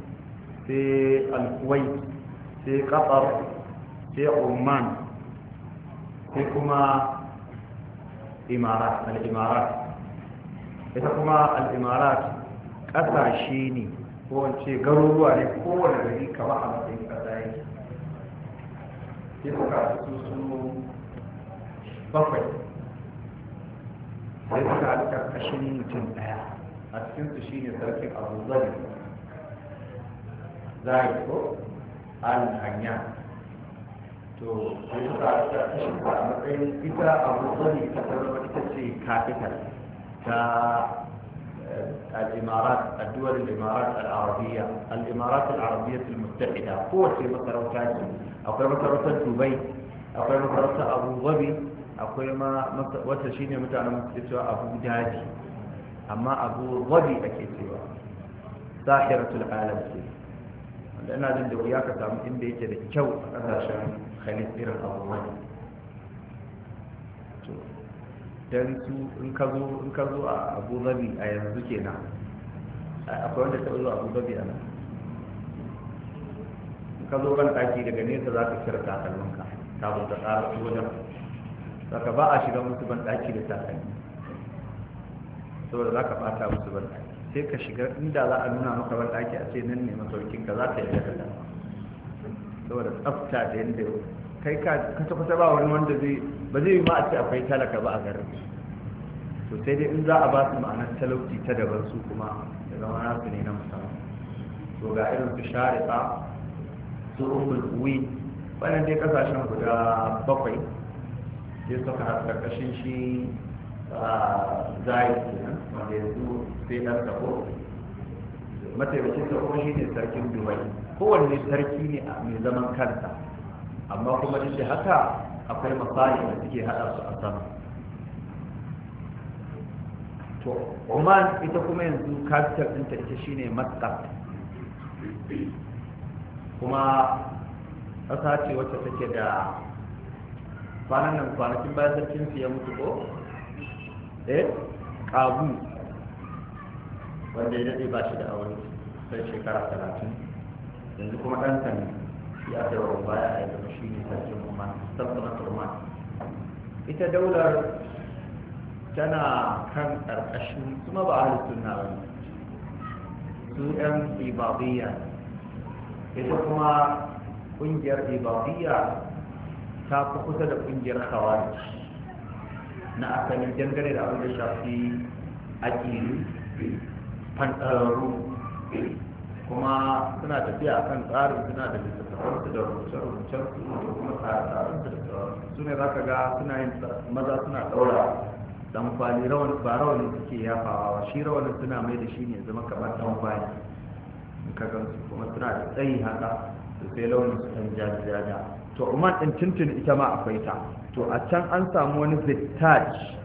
في الكويت في قطر في عمان في كما إمارات الإمارات إذا كما الإمارات قطعشيني هو أنت قروا لي قوة لديك كما حمدين قطعي في مكان تسلسلون بفل إذا كانت قطعشيني متنبع أتكنت تركي أبو ظلم zaiko الإمارات الدول الإمارات العربية الإمارات العربية المتحدة قوة في مصر وكاجي أقول ما ترى دبي أقول ما ترى أبو ظبي أقول ما وتشيني متى أنا مكتبت أبو داجي أما أبو ظبي أكيد سوى ساحرة العالم سيدي da ina jin da wuya ka samu inda yake da kyau a ƙasashen khalif irin abubuwan don su in ka zo a abu zabi a yanzu kenan akwai wanda ta zo abu zabi a nan in ka zo ban ɗaki daga nesa za ka kira takalminka kafin ta tsara su wajen ka ba a shiga musu ban ɗaki da takalmi saboda za ka fata musu ban ɗaki sai ka shiga inda za a nuna maka wani ɗaki a ce nan ne masaukin ka za ka yi daga dama saboda tsafta da yadda kai ka kasa kusa ba wani wanda zai ba zai yi ma a ce akwai talaka ba a garin to sai dai in za a ba su ma'anar talauci ta daban su kuma da zama su ne na musamman to ga irin su shari'a su umul uwi wannan dai kasashen guda bakwai sai suka haska kashin shi ah, zai kenan wanda yanzu sai ɗan ko mataimakin ko shi ne sarkin dubai kowanne sarki ne mai zaman kanta amma kuma duk da haka akwai masali da suke haɗa su a sama to oman ita kuma yanzu capital ɗinta ita shine matsa kuma ƙasa ce wacce take da kwanan nan kwanakin bayan sarkin su ya mutu ko eh ƙabu wanda ya daɗe ba shi da aure sai shekara talatin yanzu kuma ɗan ne shi a kai wa baya a yanzu shi ne sarkin umar sultanat umar ita daular tana kan ƙarƙashin kuma ba a halittun na wani su ɗan ibadiyya ita kuma ƙungiyar ibadiyya ta fi kusa da ƙungiyar khawarij na asali dangane da abin da shafi aƙiri fantararru kuma suna tafiya a kan tsarin suna da littattafansu da rubuce-rubucensu da kuma tsare-tsarensu da sauransu su ne za ka ga suna yin maza suna ɗaura dan kwali rawan ba rawan suke yafawa ba shi rawan suna mai da shi ne zama kamar dan kwali in ka gan su kuma suna da tsayi haka su sai launin su dan jajaja to umar din tintin ita ma akwai ta to a can an samu wani vittaj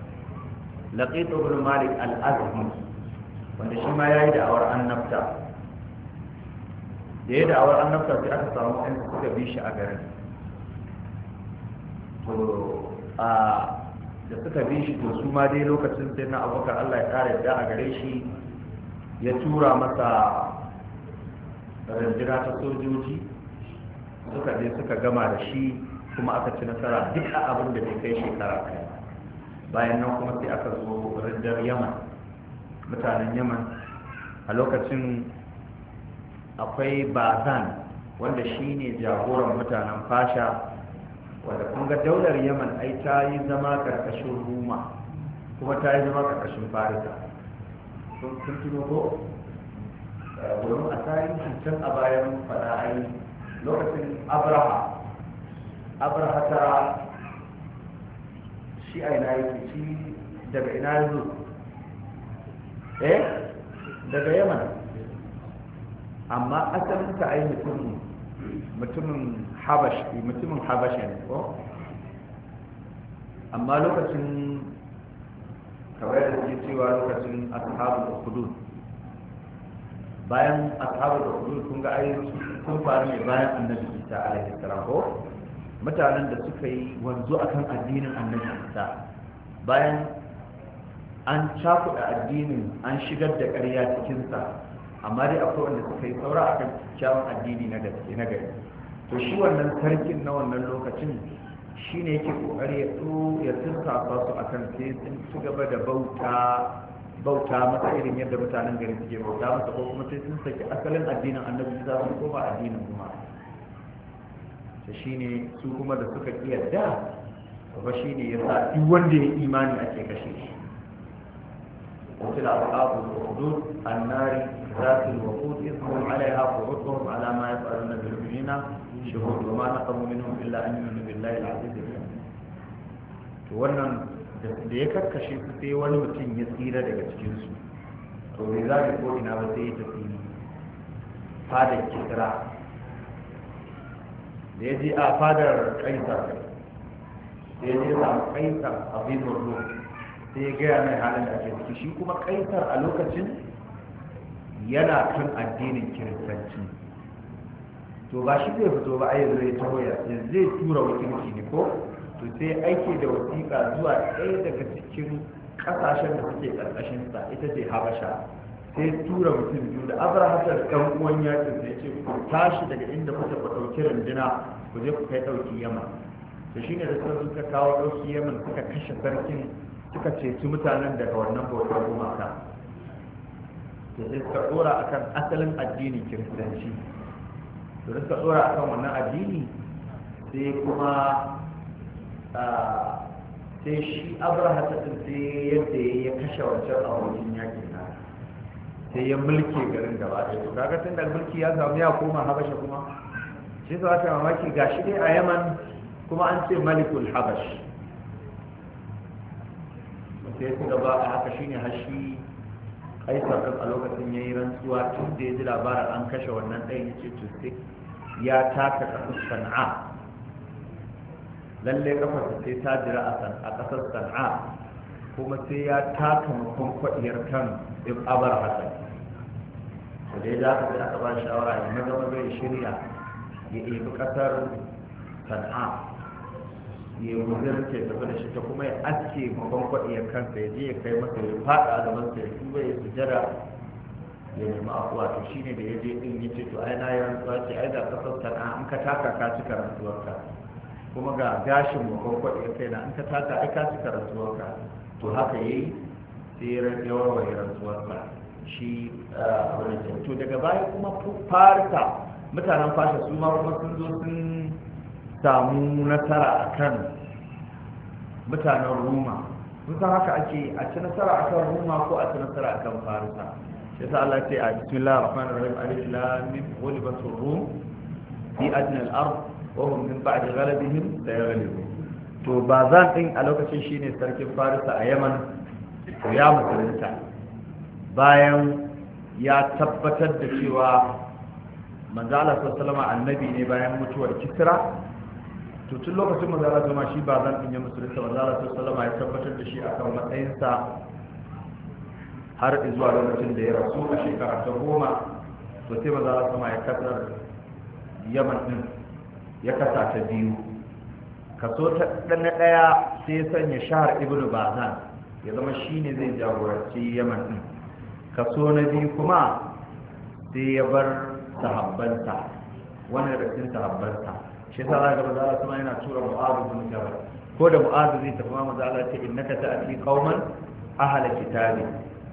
Laƙi ibn malik al-azmi wanda shi ma ya yi da'awar annabta da ya da'awar annabta sai aka samu ɗan suka bi shi a garin to a da suka bi shi to su ma dai lokacin sai na abokan allah ya ƙara yadda a gare shi ya tura masa rindira ta sojoji suka je suka gama da shi kuma aka ci nasara duk a abin da bai kai shekara kai bayan nan kuma sai aka zo rindar yaman mutanen yaman a lokacin akwai bazan wanda shi ne jagoran mutanen fasha wanda kun ga daular yaman ai ta yi zama karkashin ruma kuma ta yi zama karkashin farisa sun tuno ko eh, domin a tarihi can a bayan fada ai lokacin abraha abraha ta shi a na yi shi daga ina zuwa eh daga yaman amma ta ai mutumin mutumin habashi mutumin habashi ne ko amma lokacin kawai da suke cewa lokacin da hudud bayan da hudud kun ga ai sun faru ne bayan annabi Isa alaihi salam ko mutanen da suka yi wanzu akan addinin annabi Isa bayan an cakuɗa addinin an shigar da ƙarya cikinsa amma dai akwai wanda suka yi saura akan kyawun addini na gaske na gari to shi wannan sarkin na wannan lokacin shi ne yake kokari ya tso ya sirkafa su kan sai sun ci gaba da bauta bauta masa irin yadda mutanen gari suke bauta masa ko kuma sai sun saki asalin addinin annabi za su koma addinin kuma ta shi ne su kuma da suka ƙi yadda ba shi ne ya sa duk wanda ya imani ake kashe shi وفي أصحاب الأخدود النار ذات الوقود إذ عليها قعودهم على ما يفعلون بالمؤمنين شهود وما نقم منهم إلا أن يؤمنوا بالله العزيز الحميد wannan da ya karkashe su sai wani mutum ya tsira daga cikinsu to bai za ko ina ba sai ya tafi fadar kisra da ya je a fadar kaisar ya je samu kaisar sai ya gaya mai halin da ake ciki shi kuma kaisar a lokacin yana kan addinin kiristanci to ba shi zai fito ba ai zai taho ya zai tura wakilci ne ko to sai aike da wasiƙa zuwa ɗaya daga cikin ƙasashen da suke ƙarƙashin sa ita ce habasha sai tura mutum biyu da abrahatar ɗan uwan yakin sai ce ku tashi daga inda kuka ku ɗauki runduna ku je ku kai ɗauki yamma to shine da sun suka kawo ɗauki yaman suka kashe sarkin suka ceci mutanen daga wannan bautar gumaka da sai suka a kan asalin addini kiristanci da suka a kan wannan addini sai kuma sai shi abraha ta sai yadda ya kashe wancan abokin yakin na sai ya mulke garin gaba ɗaya su kaga tun da mulki ya samu ya koma habasha kuma sai su wata mamaki gashi dai a yaman kuma an ce malikul habash sai su gaba a haka shine hashi kaisar kan a lokacin yayi rantsuwa tun da ya ji labarin an kashe wannan ɗayan ya ce tuste ya taka ƙasar sana'a lalle kafarsa sai ta jira a ƙasar san'a kuma sai ya taka mukun kwaɗiyar kan abar hasan da dai za ka aka ba shawara ya maza maza shirya ya ibi ƙasar san'a. ya gudunce tafi da shi ta kuma ya aske babban kwaɗi ya kansa ya je ya kai masa ya faɗa a gaban sa ya tuba ya sujara ya nemi afuwa to shine da ya je din ya ce to ai na yi rantsuwa ce ai da kasar na an ka taka ka cika rantsuwarka kuma ga gashin babban kwaɗi ya kai na an ka taka ai ka cika rantsuwarka to haka ya yi sai ya warware rantsuwarsa shi ah, abin da to daga baya kuma farka mutanen fasha su ma kuma sun zo sun samu nasara a kan mutanen roma musa haka ake a ci nasara a kan roma ko a ci nasara a kan farisa shi ta Allah ce a bismillah rahman rahim alif lam mim ghulibat ar-rum fi adna al-ard wa hum min ba'di ghalabihim sayaghlibu to zan din a lokacin shine sarkin farisa a yaman to ya musulunta bayan ya tabbatar da cewa manzo Allah sallallahu alaihi wasallam annabi ne bayan mutuwar kisra to tun lokacin zara zama shi ba zan inye ya musulunta mazala su salama ya tabbatar da shi a kan matsayinsa har zuwa lokacin da ya rasu a shekara ta goma to sai mazala sama ya kasar yaman din ya kasa ta biyu kaso ta ɗana ɗaya sai ya sanya shahar ibnu bazan ya zama shi ne zai jagoranci yaman din. kaso na biyu kuma sai ya bar sahabbanta wani da cikin shi yasa za ga maza kuma yana tura mu'azu bin jabal ko da mu'azu zai tafi ma maza Allah ce innaka ta'ti qauman ahla kitabi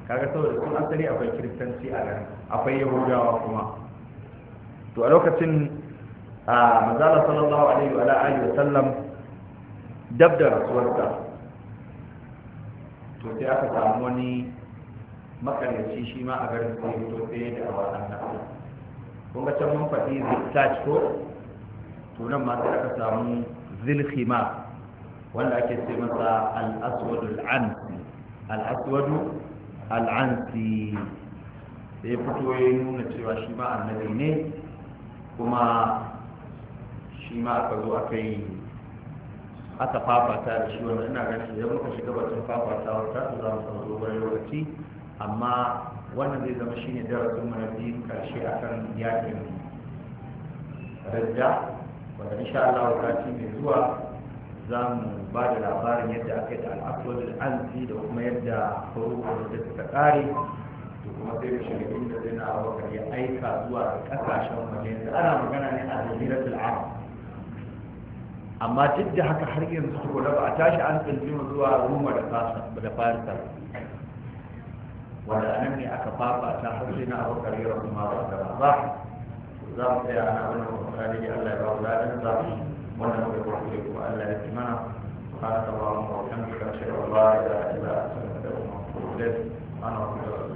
kaga saboda sun asali akwai kiristanci a garin akwai yahudawa kuma to a lokacin a mazala sallallahu alaihi wa alihi wa sallam dab da rasuwarsa to sai aka samu wani makaryaci shi ma a garin sai to sai da awa annabi kun ga can mun faɗi zittaj ko sunan masu aka samu zilkhima wanda ake ce masa al'aswadu al'ansi al'aswadu al'ansi da ya fito ya nuna cewa shi ma annabi ne kuma shi ma aka zo aka yi aka fafata da shi wanda ina ganin idan muka shiga batun fafata wata su za mu samu dogon lokaci amma wannan zai zama shine darasin mu biyu karshe akan yakin radda wanda insha Allah wakati mai zuwa za mu ba da labarin yadda aka yi da al'adul anzi da kuma yadda faruwar da suka kare to kuma sai da shirin da zai na abubakar ya aika zuwa kasashen waje da ana magana ne a jami'ar al'am amma duk da haka har yanzu su kula ba a tashi an tsinci zuwa ruma da fasa da farisa wanda anan ne aka fafa ta har sai na abubakar ya rasu ma ba ba za mu tsaya ana wannan kokari Allah ya ba mu ladan sa wannan da kuma kuma Allah ya ci mana subhanaka allahumma wa bihamdika ashhadu an la ilaha illa anta astaghfiruka wa atubu ilayk ana